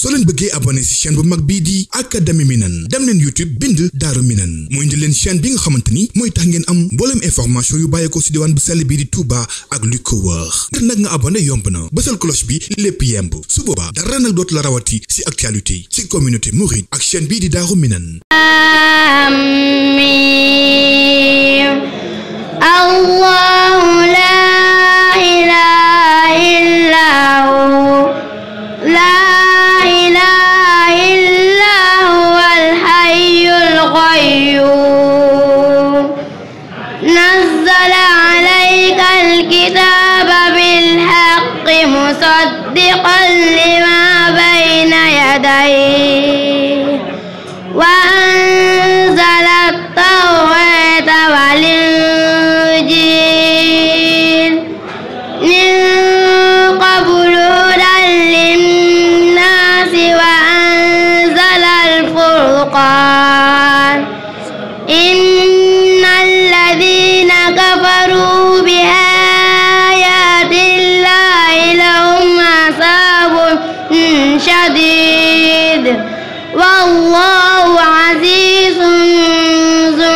soo leen bëggee abonné ci chaîne bu mag bii di académie Minane dem leen YouTube bind Daaru Minane mu indi leen chaîne bi nga xamante ni mooy tax ngeen am mbooleem information yu bàyyeekoo ci diwaan bu sell bii di Touba ak lu ko wër ngir nag nga abonné yomb na bësal cloche bi lépp yemb su booba dara nag dootu la rawati ci actualité ci communauté mouride ak chaîne bii di Daaru Minane مصدقا لما بين يديه والله عزيز ذو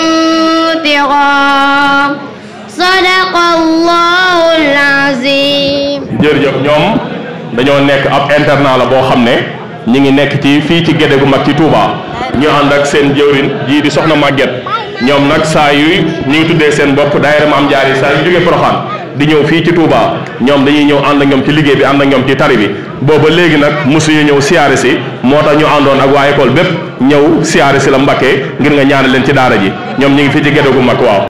انتقام صدق الله العظيم jërëjëf ñoom dañoo nekk ab internat la boo xam ne ñu ngi nekk ci fii ci gédé gu mag ci Touba ñu ànd ak seen jëwrin jii di soxna màgget ñoom nag saa yuy ñu ngi tuddee seen bopp daayira Maam Jaara saa yu jógee Porokhane di ñëw fii ci Touba ñoom dañuy ñëw ànd ak ñoom ci liggéey bi ànd ak ñoom ci tari bi booba léegi nag mosu ñu ñëw siyaare si moo tax ñu àndoon ak waa école bépp ñëw siyaare si la Mbàkke ngir nga ñaanal leen ci daara ji ñoom ñu ngi fi ci gerte gu mag waaw.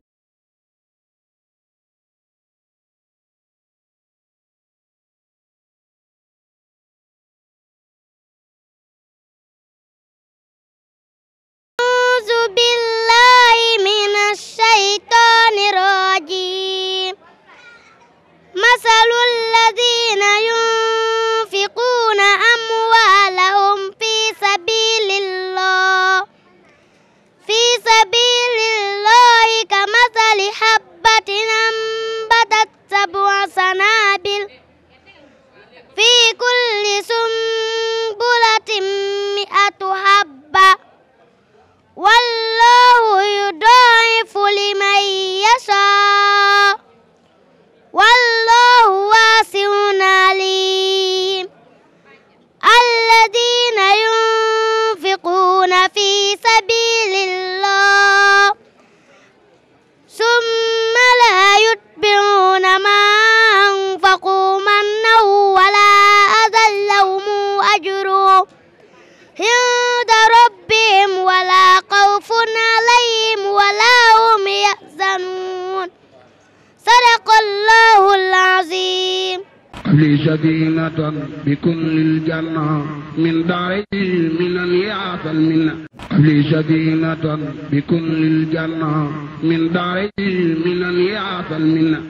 في سبيل الله ثم لا يتبعون ما أنفقوا منا ولا أذى لهم أجرهم سكينة بكل الجنة من داري من الياس المنة قبلي سكينة بكل الجنة من داري من الياس المنة